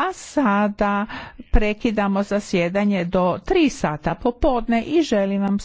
a sada prekidamo zasjedanje do 3 sata popodne i želim vam